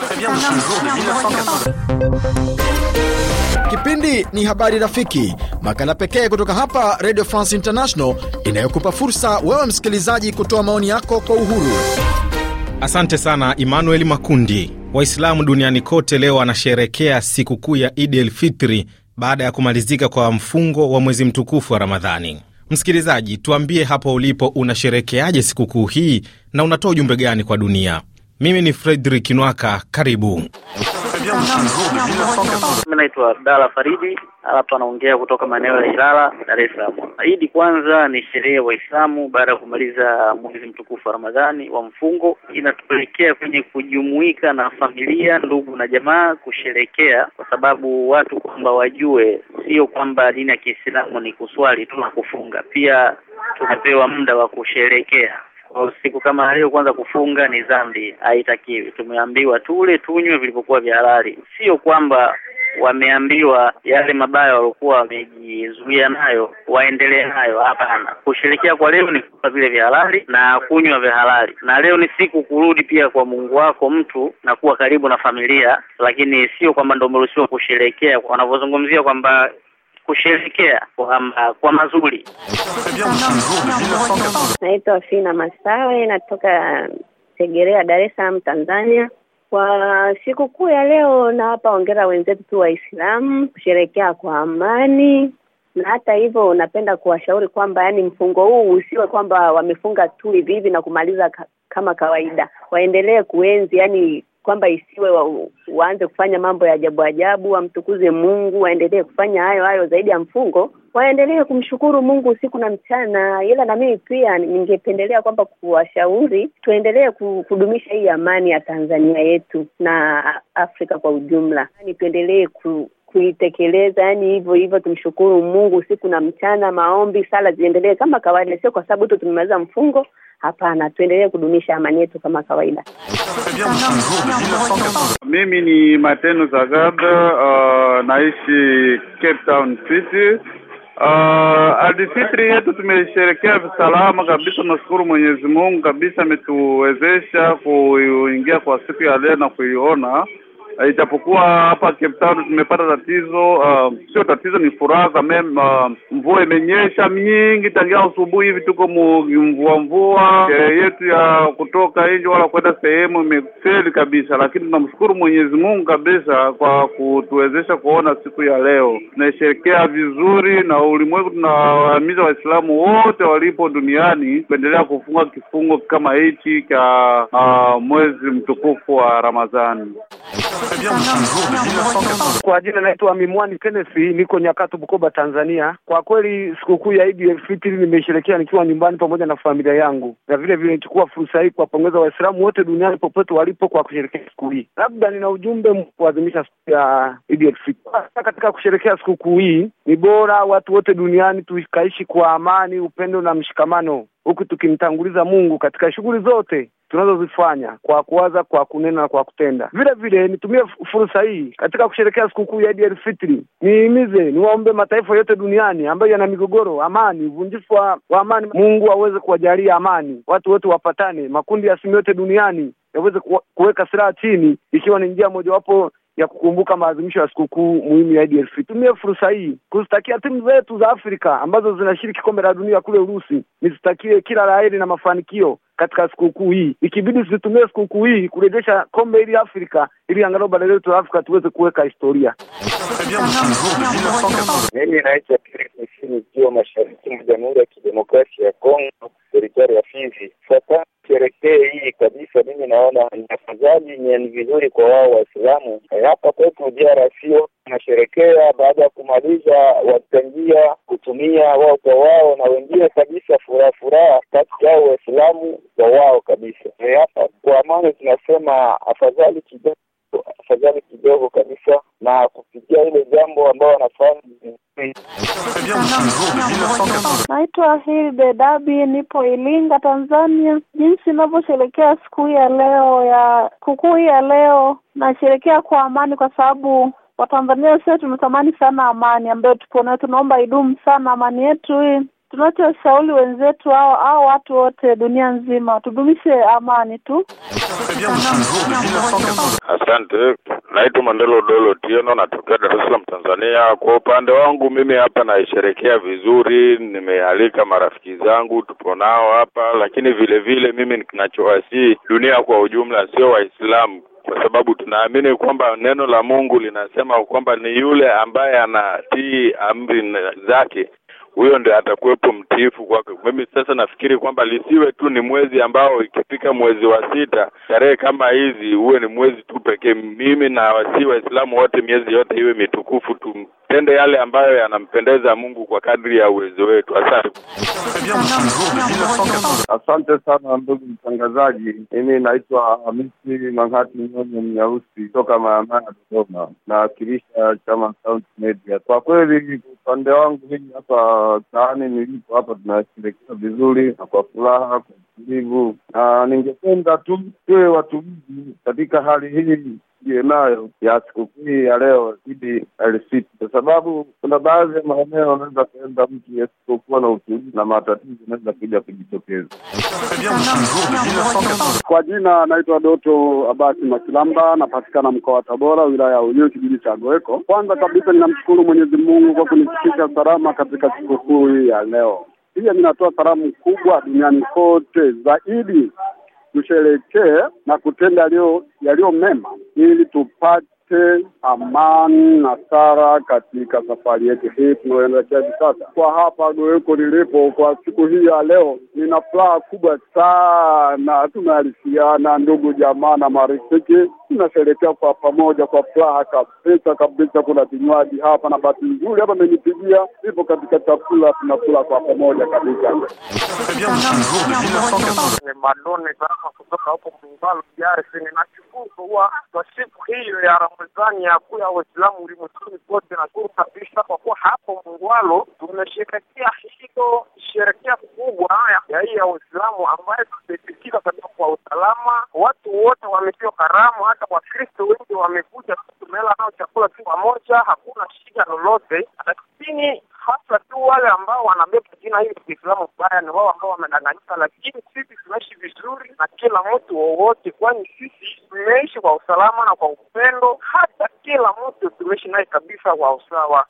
Très bien, Kipindi ni Habari Rafiki, makala pekee kutoka hapa Radio France International inayokupa fursa wewe msikilizaji kutoa maoni yako kwa uhuru. Asante sana Emmanuel Makundi. Waislamu duniani kote leo wanasherekea sikukuu ya Idi el Fitri baada ya kumalizika kwa mfungo wa mwezi mtukufu wa Ramadhani. Msikilizaji, tuambie hapo ulipo, unasherekeaje sikukuu hii na unatoa ujumbe gani kwa dunia? Mimi ni Fredrik Nwaka, karibu. Mi naitwa Abdala Faridi, hapa anaongea kutoka maeneo ya Ilala, Dar es Salaam. Idi kwanza ni sherehe ya Waislamu baada ya kumaliza mwezi mtukufu wa Ramadhani wa mfungo, inatupelekea kwenye kujumuika na familia, ndugu na jamaa kusherekea, kwa sababu watu kwamba wajue, sio kwamba dini ya Kiislamu ni kuswali tu na kufunga, pia tunapewa muda wa kusherekea Siku kama leo kwanza kufunga ni dhambi, haitakiwi. Tumeambiwa tule tunywe vilivyokuwa vya halali, sio kwamba wameambiwa yale mabaya waliokuwa wamejizuia nayo waendelee nayo. Hapana, kushirikia kwa leo ni kula vile vya halali na kunywa vya halali, na leo ni siku kurudi pia kwa Mungu wako mtu na kuwa karibu na familia, lakini sio kwamba ndio umeruhusiwa kusherekea wanavyozungumzia kwamba kusherekea kwa, kwa mazuri. Naitwa Fina Masawe, natoka tegerea Dar es Salaam, Tanzania. Kwa sikukuu ya leo nawapa hongera wenzetu tu Waislamu kusherekea kwa amani, na hata hivyo napenda kuwashauri kwamba yani mfungo huu usiwe kwamba wamefunga tu hivi hivi na kumaliza ka, kama kawaida, waendelee kuenzi yani kwamba isiwe wa, waanze kufanya mambo ya ajabu ajabu, wamtukuze Mungu, waendelee kufanya hayo hayo zaidi ya mfungo, waendelee kumshukuru Mungu usiku na mchana. Ila na mimi pia ningependelea kwamba kuwashauri tuendelee kudumisha hii amani ya Tanzania yetu na Afrika kwa ujumla, yani tuendelee ku kuitekeleza yani hivyo hivyo, tumshukuru Mungu usiku na mchana, maombi, sala ziendelee kama kawaida, sio kwa sababu tu tumemaliza mfungo Hapana, tuendelee kudumisha amani yetu kama kawaida. Mimi ni Mateno Zagada, uh, naishi Cape Town City. Uh, adifitri yetu tumesherekea salama kabisa. Nashukuru Mwenyezi Mungu kabisa, ametuwezesha kuingia kwa siku ya leo na kuiona Eh, ijapokuwa hapa Cape Town tumepata tatizo uh, sio tatizo, ni furaha kame uh, eh, mvua imenyesha mingi tangia asubuhi hivi, tuko mvua mvua, sherehe yetu ya kutoka nje wala kwenda sehemu imefeli kabisa, lakini tunamshukuru Mwenyezi Mungu kabisa kwa kutuwezesha kuona siku ya leo, tunaisherekea vizuri na ulimwengu. Tunawahimiza Waislamu wote walipo duniani kuendelea kufunga kifungo kama hichi cha uh, mwezi mtukufu wa Ramadhani. Kwa jina naitwa Mimwani Kenesi, niko Nyakato, Bukoba, Tanzania. Kwa kweli sikukuu ya Eid al-Fitr nikiwa nyumbani pamoja na familia yangu, na vile vile nichukua fursa hii kuwapongeza Waislamu wote duniani popote walipo kwa kusherekea siku hii. Labda nina ujumbe kuadhimisha siku ya Eid al Katika kusherekea sikukuu hii, ni bora watu wote duniani tukaishi kwa amani, upendo na mshikamano, huku tukimtanguliza Mungu katika shughuli zote tunazozifanya kwa kuwaza, kwa kunena na kwa kutenda. Vile vile nitumie fursa hii katika kusherekea sikukuu ya Idi el Fitri, nihimize niwaombe mataifa yote duniani ambayo yana migogoro, amani, uvunjifu wa amani, Mungu aweze kuwajalia amani, watu wote wapatane, makundi ya simu yote duniani yaweze kuweka silaha chini, ikiwa ni njia mojawapo ya kukumbuka maadhimisho ya sikukuu muhimu ya Idi Tumie fursa hii kuzitakia timu zetu za Afrika ambazo zinashiriki kombe la dunia kule Urusi, nizitakie kila la heri na mafanikio katika sikukuu hii. Ikibidi tusitumie sikukuu hii kurejesha kombe ili Afrika ili angalau bara letu la Afrika tuweze kuweka historia. Mimi naitwa mashariki mwa Jamhuri ya Kidemokrasia ya Kongo, serikali ya Fizi sherekee hii kabisa. Mimi naona ni afadhali, ni vizuri kwa wao Waislamu eh, hapa kwetu DRC nasherekea baada ya kumaliza, wataingia kutumia wao kwa wao, na wengine kabisa furaha furaha kati yao Waislamu kwa wao kabisa. Eh, hapa kwa amani tunasema afadhali kidogo, afadhali kidogo kabisa, na kupitia ile jambo ambao wanafanya Naitwa Hilde Dabi, nipo Ilinga, Tanzania. Jinsi inavyosherekea siku hii ya leo ya sikukuu hii ya leo, nasherekea kwa amani, kwa sababu Watanzania sote tunatamani sana amani ambayo tupo nayo. Tunaomba idumu sana amani yetu hii tunachoshauri wenzetu hao au watu wote dunia nzima tudumishe amani tu. Asante. Naitwa Mandelo Dolo Tieno, natokea Dar es Salaam, Tanzania. Kwa upande wangu mimi hapa naisherekea vizuri, nimealika marafiki zangu, tupo nao hapa, lakini vile vile mimi kinachowasii dunia kwa ujumla, sio Waislamu kwa sababu tunaamini kwamba neno la Mungu linasema kwamba ni yule ambaye anatii amri zake huyo ndio atakuwepo mtiifu kwake. Mimi sasa nafikiri kwamba lisiwe tu ni mwezi ambao ikifika mwezi wa sita tarehe kama hizi uwe ni mwezi tu pekee. Mimi na wasii Waislamu wote miezi yote iwe mitukufu tu tende yale ambayo yanampendeza Mungu kwa kadri ya uwezo wetu. Asante. Asante sana ndugu mtangazaji. Mimi naitwa Hamisi manghati Nyonyo Mnyausi kutoka Mayamaya, Dodoma, nawakilisha chama Sauti Media. Kwa kweli, upande wangu mimi hapa taani nilipo hapa tunasherekea vizuri na kwa furaha, kwa utulivu, na ningependa tu tuwe watulivu katika hali hii tusiyo nayo ya sikukuu hii ya leo idi alisiti, kwa sababu kuna baadhi ya maeneo anaweza kuenda mtu yasipokuwa na utulivu na matatizo anaweza kuja kujitokeza. Kwa jina anaitwa Doto Abasi Masilamba, napatikana mkoa wa Tabora, wilaya ya Uyui, kijiji cha Goeko. Kwanza kabisa ninamshukuru Mwenyezi Mungu kwa kunifikisha salama katika sikukuu hii ya leo. Pia ninatoa salamu kubwa duniani kote zaidi tusherekee na kutenda yaliyo mema ili tupate amani na sara katika safari yetu hii tunayoelekea hivi sasa. Kwa hapa Goeko nilipo kwa siku hii ya leo, nina furaha kubwa sana. Tumealisiana ndugu, jamaa na marafiki tunasherehekea kwa pamoja kwa furaha kabisa kabisa. Kuna vinywaji hapa na bahati nzuri hapa amenipigia, ipo katika chakula, tunakula kwa pamoja kabisa. Madone sasa kutoka Mbalo DRC, ninashukuru kwa siku ya Ramadhani ya Waislamu ulimwenguni kote. Nashukuru kabisa kwa kuwa hapo kubwa ya hii ya Waislamu ambayo katika kwa usalama. Watu wote wamepewa karamu, hata Wakristo wengi wamekuja, tumela nao chakula tu pamoja, hakuna shida lolote, lakini hasa tu wale ambao wanabeba jina hili Kiislamu baya ni wao ambao wamedanganyika, lakini sisi tunaishi vizuri na kila mtu wowote, kwani sisi tumeishi kwa usalama na kwa upendo kila mtu tumeishi naye kabisa kwa usawa.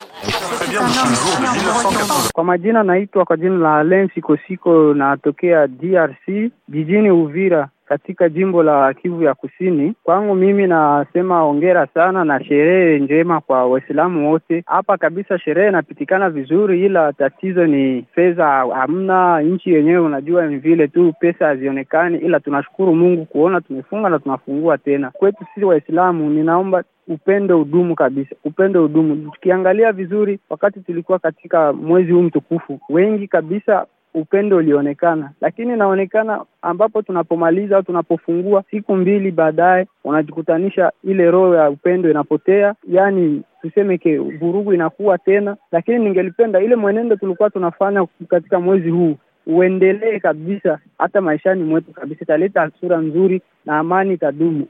Kwa majina naitwa kwa jina la Lensi Kosiko, natokea DRC jijini Uvira katika jimbo la Kivu ya Kusini. Kwangu mimi nasema hongera sana na sherehe njema kwa Waislamu wote hapa kabisa. Sherehe inapitikana vizuri, ila tatizo ni fedha hamna. Nchi yenyewe unajua ni vile tu pesa hazionekani, ila tunashukuru Mungu kuona tumefunga na tunafungua tena. Kwetu sisi Waislamu, ninaomba upendo udumu kabisa, upendo udumu. Tukiangalia vizuri, wakati tulikuwa katika mwezi huu mtukufu, wengi kabisa upendo ulionekana, lakini inaonekana ambapo tunapomaliza au tunapofungua siku mbili baadaye, unajikutanisha ile roho ya upendo inapotea, yani tuseme ke vurugu inakuwa tena. Lakini ningelipenda ile mwenendo tulikuwa tunafanya katika mwezi huu uendelee kabisa, hata maishani mwetu kabisa, italeta sura nzuri na amani itadumu.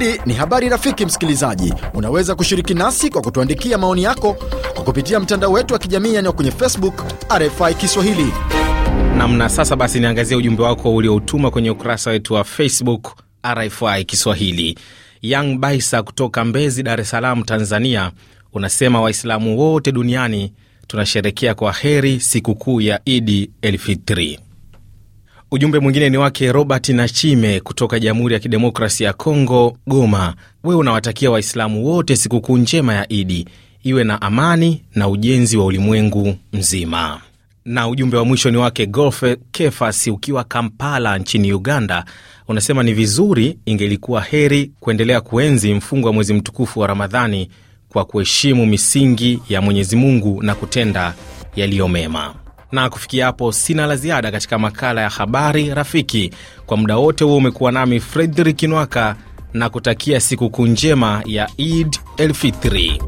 Kipindi ni habari rafiki. Msikilizaji, unaweza kushiriki nasi kwa kutuandikia maoni yako kwa kupitia mtandao wetu wa kijamii yaani kwenye Facebook RFI Kiswahili. Namna sasa basi, niangazie ujumbe wako ulioutuma kwenye ukurasa wetu wa Facebook RFI Kiswahili. Young Baisa kutoka Mbezi, Dar es Salaam, Tanzania, unasema Waislamu wote duniani tunasherekea kwa heri sikukuu ya Idi Elfitri. Ujumbe mwingine ni wake Robert Nachime kutoka Jamhuri ya Kidemokrasia ya Kongo, Goma. Wewe unawatakia Waislamu wote sikukuu njema ya Idi, iwe na amani na ujenzi wa ulimwengu mzima. Na ujumbe wa mwisho ni wake golf kefas ukiwa Kampala nchini Uganda, unasema ni vizuri, ingelikuwa heri kuendelea kuenzi mfungo wa mwezi mtukufu wa Ramadhani kwa kuheshimu misingi ya Mwenyezi Mungu na kutenda yaliyo mema na kufikia hapo sina la ziada katika makala ya habari rafiki. Kwa muda wote huo umekuwa nami Fredrik Nwaka na kutakia sikukuu njema ya ed Elfitri.